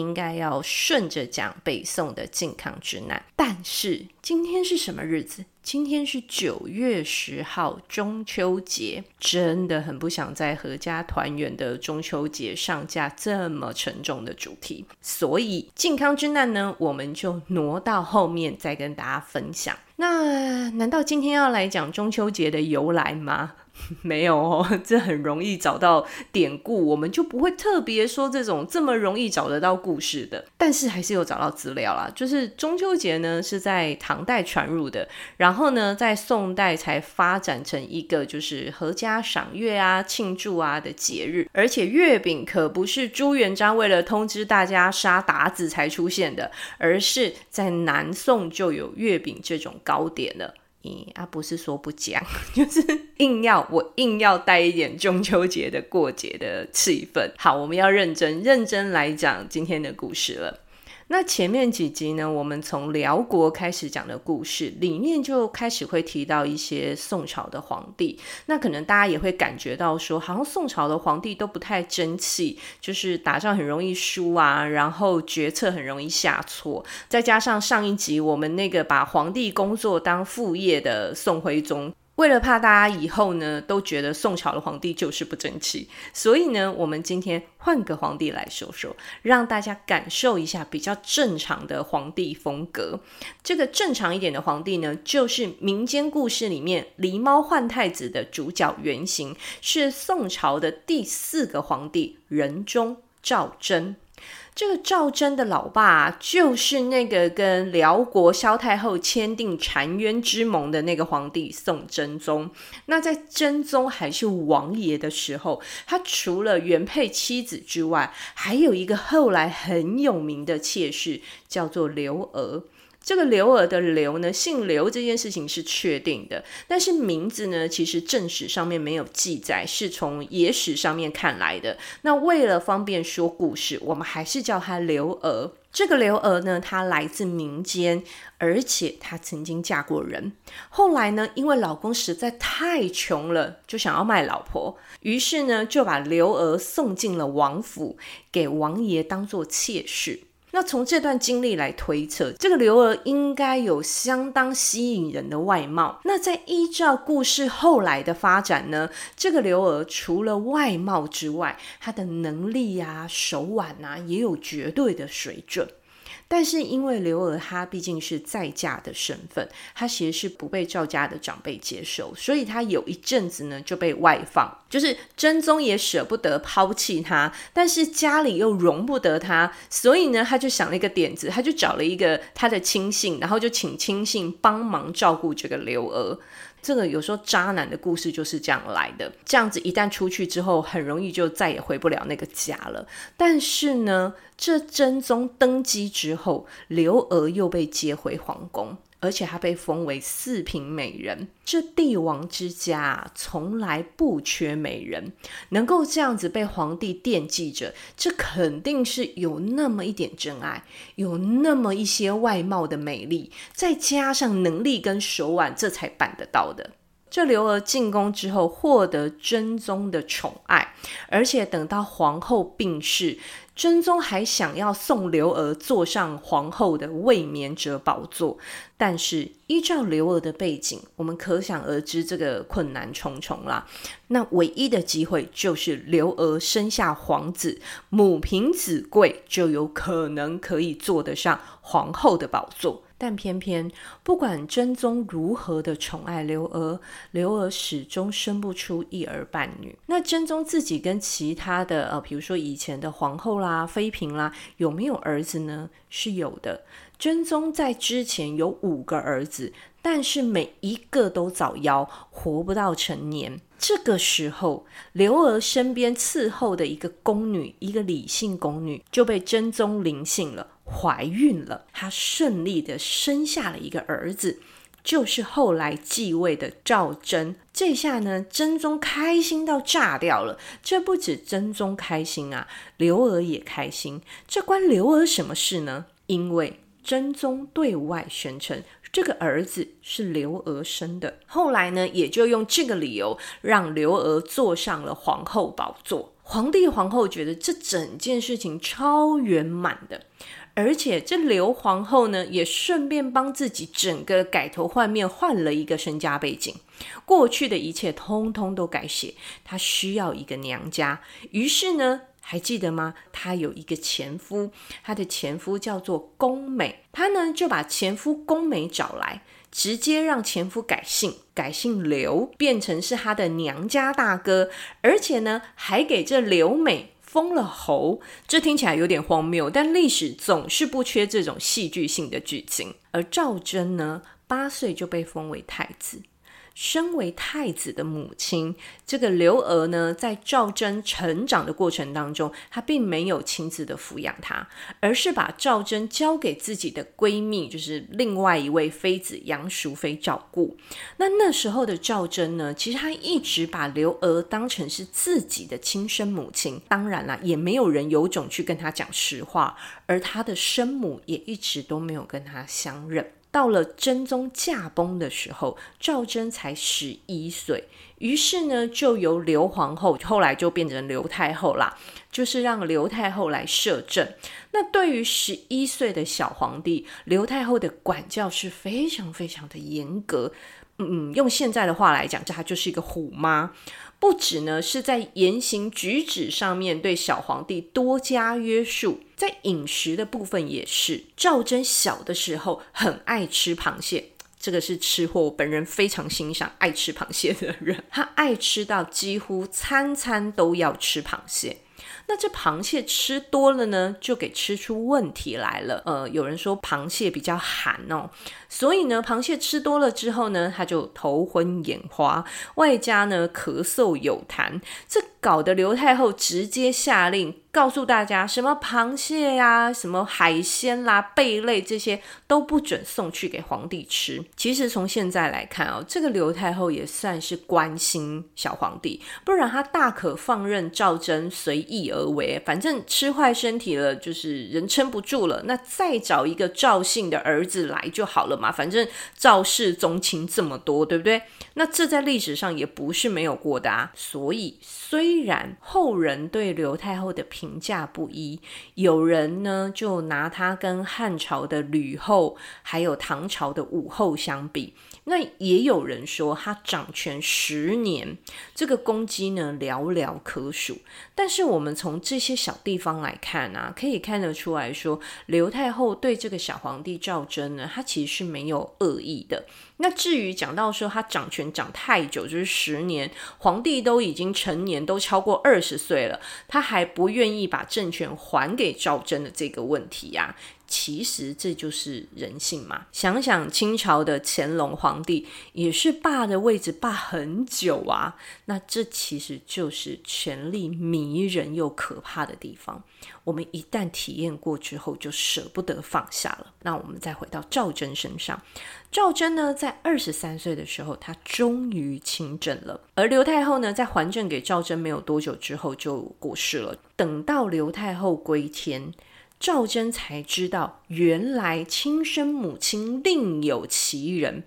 應該要順着講北宋的靖康之難，但是今天是什麼日子？今天是九月十號，中秋節。真的很不想在闔家團圓的中秋節上架這麼沉重的主題，所以靖康之難呢，我們就挪到後面再跟大家分享。那難道今天要來講中秋節的由來嗎？沒有哦，這很容易找到典故，我們就不會特別說這種這麼容易找得到故事的。但是還是有找到資料啦，就是中秋節呢是在唐代傳入的，然後呢在宋代才發展成一個就是闔家賞月啊、慶祝啊的節日。而且月餅可不是朱元璋為了通知大家殺韃子才出現的，而是在南宋就有月餅這種糕點了。你啊，不是說不講，就是硬要我硬要帶一點中秋節的過節的氣氛。好，我們要認真認真來講今天的故事了。那前面幾集呢，我們從遼國開始講的故事裡面，就開始會提到一些宋朝的皇帝。那可能大家也會感覺到說，好像宋朝的皇帝都不太爭氣，就是打仗很容易輸啊，然後決策很容易下錯。再加上上一集我們那個把皇帝工作當副業的宋徽宗。為了怕大家以後呢都覺得宋朝的皇帝就是不爭氣，所以呢，我們今天換個皇帝來說說，讓大家感受一下比較正常的皇帝風格。這個正常一點的皇帝呢，就是民間故事裡面狸貓換太子的主角原型，是宋朝的第四個皇帝仁宗趙禎。這個趙禎的老爸，就是那個跟遼國蕭太后簽訂澶淵之盟的那個皇帝宋真宗。那在真宗還是王爺的時候，他除了原配妻子之外，還有一個後來很有名的妾室，叫做劉娥。這個劉娥的劉呢，姓劉這件事情是確定的，但是名字呢，其實正史上面沒有記載，是從野史上面看來的。那為了方便說故事，我們還是叫她劉娥。這個劉娥呢，她來自民間，而且她曾經嫁過人。後來呢，因為老公實在太窮了，就想要賣老婆，於是呢，就把劉娥送進了王府，給王爺當做妾室。那從這段經歷來推測，這個劉娥應該有相當吸引人的外貌。那在依照故事後來的發展呢，這個劉娥除了外貌之外，她的能力呀、啊、手腕啊，也有絕對的水準。但是因為劉娥她畢竟是再嫁的身份，她其實是不被趙家的長輩接受，所以她有一陣子呢就被外放。就是真宗也捨不得拋棄她，但是家裡又容不得她，所以呢，他就想了一個點子，他就找了一個他的親信，然後就請親信幫忙照顧這個劉娥。這個有時候渣男的故事就是這樣來的，這樣子一旦出去之後，很容易就再也回不了那個家了。但是呢，這真宗登基之後，劉娥又被接回皇宮。而且她被封為四品美人，這帝王之家從來不缺美人，能夠這樣子被皇帝惦記着，這肯定是有那麼一點真愛，有那麼一些外貌的美麗，再加上能力跟手腕，這才辦得到的。這劉娥進宮之後，獲得真宗的寵愛，而且等到皇后病逝。真宗還想要送劉娥坐上皇後的衛冕者寶座，但是依照劉娥的背景，我們可想而知這個困難重重啦。那唯一的機會就是劉娥生下皇子，母憑子貴，就有可能可以坐得上皇後的寶座。但偏偏不管真宗如何的寵愛劉娥，劉娥始終生不出一兒半女。那真宗自己跟其他的呃，比如說以前的皇後啦、妃嬪啦，有沒有兒子呢？是有的。真宗在之前有五個兒子，但是每一個都早夭，活不到成年。這個時候，劉娥身邊伺候的一個宮女，一個李姓宮女，就被真宗臨幸了。懷孕了，她順利的生下了一個兒子，就是後來繼位的趙禎。這下呢，真宗開心到炸掉了。這不止真宗開心啊，劉娥也開心。這關劉娥什麼事呢？因為真宗對外宣稱這個兒子是劉娥生的，後來呢，也就用這個理由讓劉娥坐上了皇后寶座。皇帝皇后覺得這整件事情超圓滿的。而且這劉皇後呢，也順便幫自己整個改頭換面，換了一個身家背景，過去的一切通通都改寫。她需要一個娘家，於是呢，還記得嗎？她有一個前夫，她的前夫叫做龔美，她呢就把前夫龔美找來，直接讓前夫改姓，改姓劉，變成是她的娘家大哥，而且呢，還給這劉美。封了侯，這聽起來有點荒謬，但歷史總是不缺這種戲劇性的劇情。而趙禎呢，八歲就被封為太子。身為太子的母親，這個劉娥呢，在趙禎成長的過程當中，她並沒有親自的撫養他，而是把趙禎交給自己的閨蜜，就是另外一位妃子楊淑妃照顧。那那時候的趙禎呢，其實他一直把劉娥當成是自己的親生母親。當然啦，也沒有人有種去跟他講實話，而他的生母也一直都沒有跟他相認。到了真宗駕崩的時候，趙禎才十一歲，於是呢，就由劉皇後，後來就變成劉太后啦，就是讓劉太後來攝政。那對於十一歲的小皇帝，劉太後的管教是非常非常的嚴格。嗯，用現在的話來講，這還就是一個虎媽，不只呢是在言行舉止上面對小皇帝多加約束，在飲食的部分也是。趙禎小的時候很愛吃螃蟹，這個是吃貨，本人非常欣賞愛吃螃蟹的人，他愛吃到幾乎餐餐都要吃螃蟹。那這螃蟹吃多了呢，就給吃出問題來了。呃，有人說螃蟹比較寒哦，所以呢，螃蟹吃多了之後呢，他就頭昏眼花，外加呢咳嗽有痰。這搞得劉太后直接下令，告訴大家什麼螃蟹呀、啊、什麼海鮮啦、啊、貝類這些都不准送去給皇帝吃。其實從現在來看哦，這個劉太後也算是關心小皇帝，不然她大可放任趙禎隨意而為，反正吃壞身體了，就是人撐不住了。那再找一個趙姓的兒子來就好了嘛，反正趙氏宗親這麼多，對不對？那這在歷史上也不是沒有過的啊。所以，雖然後人對劉太後的評價不一，有人呢就拿她跟漢朝的呂後，還有唐朝的武後相比。那也有人說，他掌權十年，這個攻擊呢寥寥可數。但是我們從這些小地方來看啊，可以看得出來說，劉太后對這個小皇帝趙禎呢，他其實是沒有惡意的。那至於講到說他掌權掌太久，就是十年，皇帝都已經成年，都超過二十歲了，他還不願意把政權還給趙禎的這個問題呀、啊。其實這就是人性嘛。想想清朝的乾隆皇帝也是霸的位置霸很久啊。那這其實就是權力迷人又可怕的地方。我們一旦體驗過之後，就舍不得放下了。那我們再回到趙禎身上，趙禎呢，在二十三歲的時候，他終於親政了。而劉太後呢，在還政給趙禎沒有多久之後就過世了。等到劉太后歸天。趙禎才知道，原來親生母親另有其人，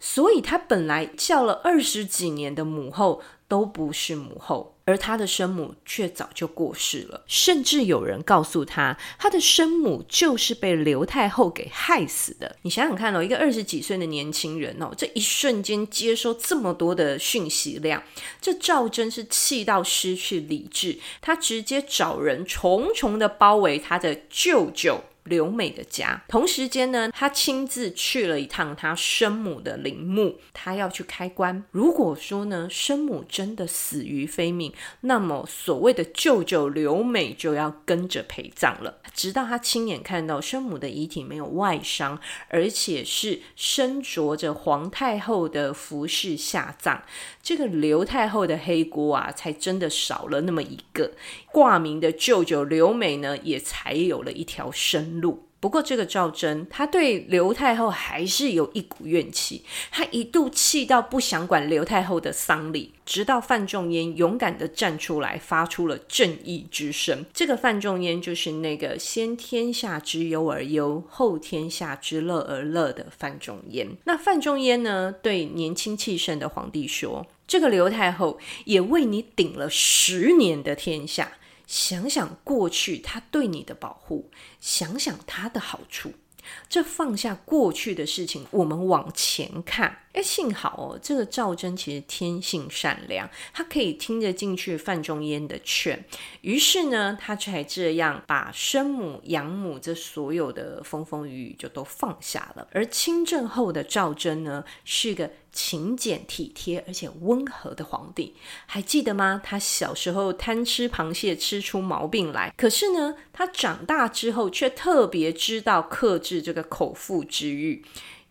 所以他本來叫了二十幾年的母後都不是母後。而他的生母卻早就過世了，甚至有人告訴他，他的生母就是被劉太后給害死的。你想想看哦，一個二十幾歲的年輕人哦，這一瞬間接收這麼多的訊息量，這趙禎是氣到失去理智，他直接找人重重的包圍他的舅舅。劉美的家，同時間呢，他親自去了一趟他生母的陵墓，他要去開棺。如果說呢，生母真的死於非命，那麼所謂的舅舅劉美就要跟着陪葬了。直到他親眼看到生母的遺體沒有外傷，而且是身着着皇太後的服飾下葬，這個劉太後的黑鍋啊，才真的少了那麼一個掛名的舅舅劉美呢，也才有了一條生。路。不過，這個趙禎他對劉太后還是有一股怨氣，他一度氣到不想管劉太後的喪禮，直到范仲淹勇敢地站出來，發出了正義之聲。這個范仲淹就是那個先天下之憂而憂，後天下之樂而樂的范仲淹。那范仲淹呢，對年輕氣盛的皇帝說：“這個劉太後也為你頂了十年的天下。”想想過去他對你的保護，想想他的好處，這放下過去的事情，我們往前看。哎，幸好哦，這個趙禎其實天性善良，他可以聽得進去范仲淹的勸，於是呢，他才這樣把生母、養母這所有的風風雨雨就都放下了。而親政後的趙禎呢，是個勤儉體貼而且溫和的皇帝，還記得嗎？他小時候貪吃螃蟹，吃出毛病來。可是呢，他長大之後卻特別知道克制這個口腹之慾。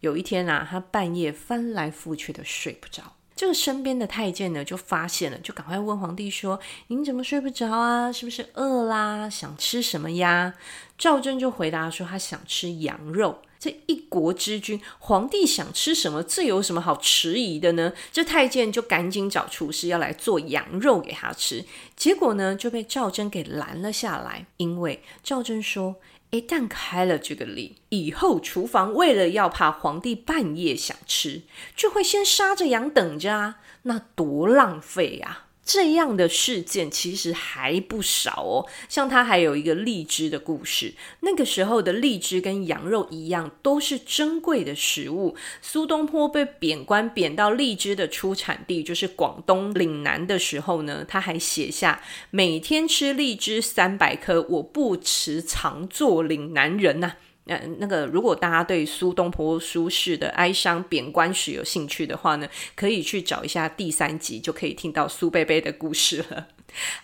有一天啊，他半夜翻來覆去的睡不着，這個身邊的太監呢就發現了，就趕快問皇帝說：“您怎麼睡不着啊？是不是餓啦？想吃什麼呀？”趙禎就回答說：“他想吃羊肉。”這一國之君，皇帝想吃什麼，這有什麼好遲疑的呢？這太監就趕緊找廚師要來做羊肉給他吃。結果呢，就被趙禎給攔了下來，因為趙禎說：“哎，一旦開了這個例，以後廚房為了要怕皇帝半夜想吃，就會先殺着羊等着啊，那多浪費呀，啊！”這樣的事件其實還不少哦，像他還有一個荔枝的故事。那個時候的荔枝跟羊肉一樣，都是珍貴的食物。蘇東坡被貶官貶到荔枝的出產地，就是廣東嶺南的時候呢，他還寫下：每天吃荔枝三百顆，我不辭長作嶺南人吶、啊。那、嗯、那個，如果大家對蘇東坡、蘇軾的哀傷貶官史有興趣的話呢，可以去找一下第三集，就可以聽到蘇貝貝的故事了。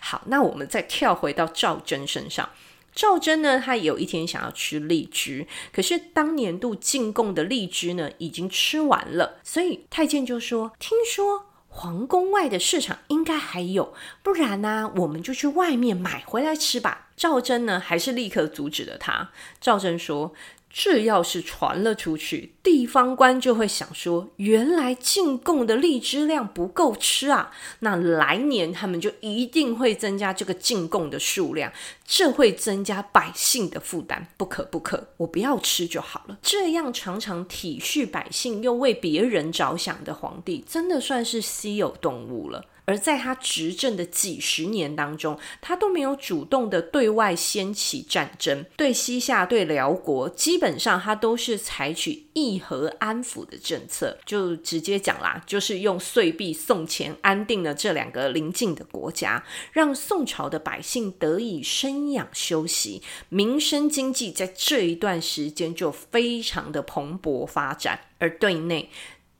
好，那我們再跳回到趙禎身上。趙禎呢，他有一天想要吃荔枝，可是當年度進貢的荔枝呢，已經吃完了，所以太監就說：“聽說。”皇宮外的市場應該還有，不然呢，我們就去外面買回來吃吧。趙禎呢，還是立刻阻止了他。趙禎說。這要是傳了出去，地方官就會想說：原來進貢的荔枝量不夠吃啊！那來年他們就一定會增加這個進貢的數量，這會增加百姓的負擔，不可不可！我不要吃就好了。這樣常常體恤百姓又為別人着想的皇帝，真的算是稀有動物了。而在他執政的幾十年當中，他都沒有主動的對外掀起戰爭，對西夏、對遼國，基本上他都是採取議和安撫的政策。就直接講啦，就是用歲幣送錢，安定了這兩個鄰近的國家，讓宋朝的百姓得以生養休息，民生經濟在這一段時間就非常的蓬勃發展。而對內，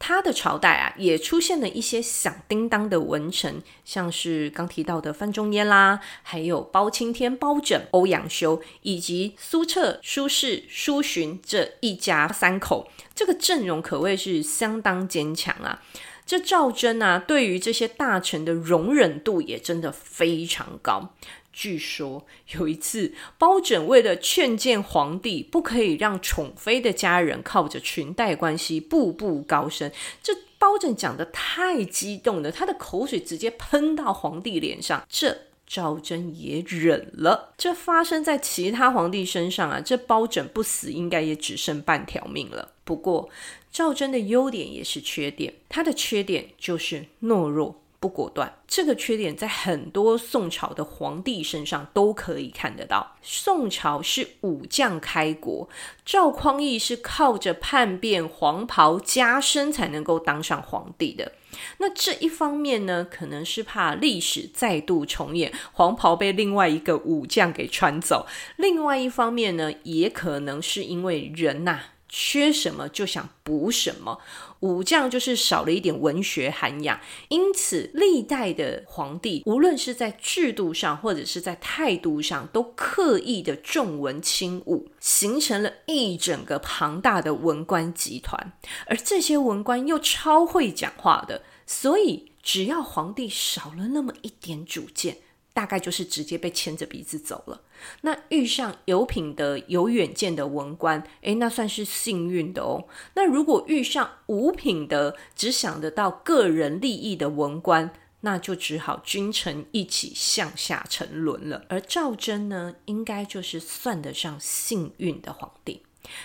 他的朝代啊，也出現了一些響叮噹的文臣，像是剛提到的范仲淹啦，還有包青天包拯、歐陽修以及蘇轍、蘇軾、蘇洵這一家三口，這個陣容可謂是相當堅強啊。這趙禎啊，對於這些大臣的容忍度也真的非常高。據說有一次，包拯為了勸諫皇帝，不可以讓寵妃的家人靠着裙帶關係步步高升，這包拯講得太激動了，他的口水直接噴到皇帝臉上。這趙真禎也忍了。這發生在其他皇帝身上啊，這包拯不死，應該也只剩半條命了。不過，趙禎的優點也是缺點，他的缺點就是懦弱不果斷。這個缺點在很多宋朝的皇帝身上都可以看得到。宋朝是武將開國，趙匡胤是靠着叛變黃袍加身才能夠當上皇帝的。那這一方面呢，可能是怕歷史再度重演，黃袍被另外一個武將給穿走；另外一方面呢，也可能是因為人吶、啊。缺什麼就想補什麼，武將就是少了一點文學涵養，因此歷代的皇帝無論是在制度上或者是在態度上，都刻意的重文輕武，形成了一整個龐大的文官集團，而這些文官又超會講話的，所以只要皇帝少了那麼一點主見。大概就是直接被牽着鼻子走了。那遇上有品德、有遠見的文官，誒，那算是幸運的哦。那如果遇上無品德、只想得到個人利益的文官，那就只好君臣一起向下沉淪了。而趙禎呢，應該就是算得上幸運的皇帝。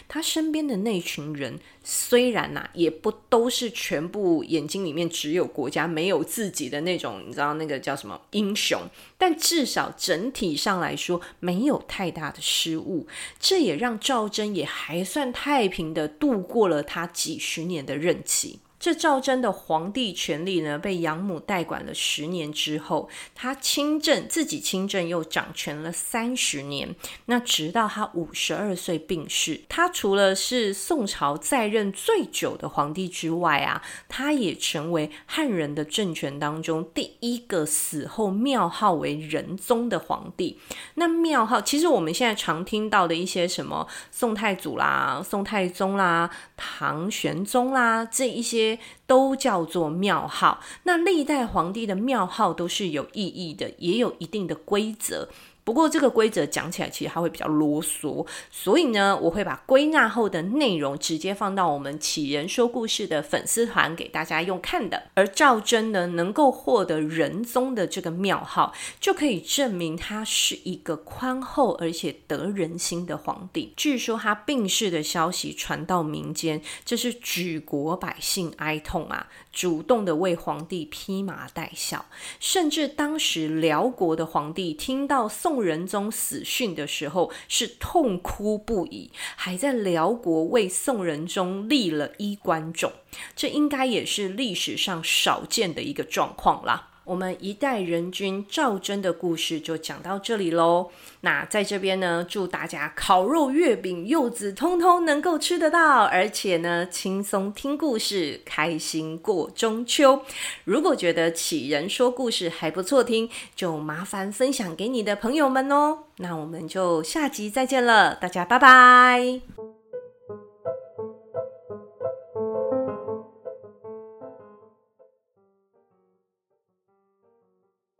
他身邊的那群人，雖然吶、啊，也不都是全部眼睛裡面只有國家沒有自己的那種，你知道那個叫什麼英雄，但至少整體上來說，沒有太大的失誤，這也讓趙禎也還算太平地度過了他幾十年的任期。這趙禎的皇帝權力呢，被養母代管了十年之後，他親政，自己親政又掌權了三十年。那直到他五十二歲病逝，他除了是宋朝在任最久的皇帝之外啊，他也成為漢人的政權當中第一個死後廟號為仁宗的皇帝。那廟號，其實我們現在常聽到的一些什麼宋太祖啦、宋太宗啦、唐玄宗啦，這一些。都叫做廟號，那歷代皇帝的廟號都是有意義的，也有一定的規則。不過這個規則講起來其實它會比較囉嗦，所以呢，我會把歸納後的內容直接放到我們啟人說故事的粉絲團給大家用看的。而趙禎呢，能夠獲得仁宗的這個廟號，就可以證明他是一個寬厚而且得人心的皇帝。據說他病逝的消息傳到民間，這是舉國百姓哀痛啊。主動的為皇帝披麻戴孝，甚至當時遼國的皇帝聽到宋仁宗死訊的時候是痛哭不已，還在遼國為宋仁宗立了衣冠冢，這應該也是歷史上少見的一個狀況啦。我們一代仁君趙禎的故事就講到這裡嘍。那在這邊呢，祝大家烤肉、月餅、柚子通通能夠吃得到，而且呢，輕鬆聽故事，開心過中秋。如果覺得杞人說故事還不錯聽，就麻煩分享給你的朋友們哦。那我們就下集再見了，大家拜拜。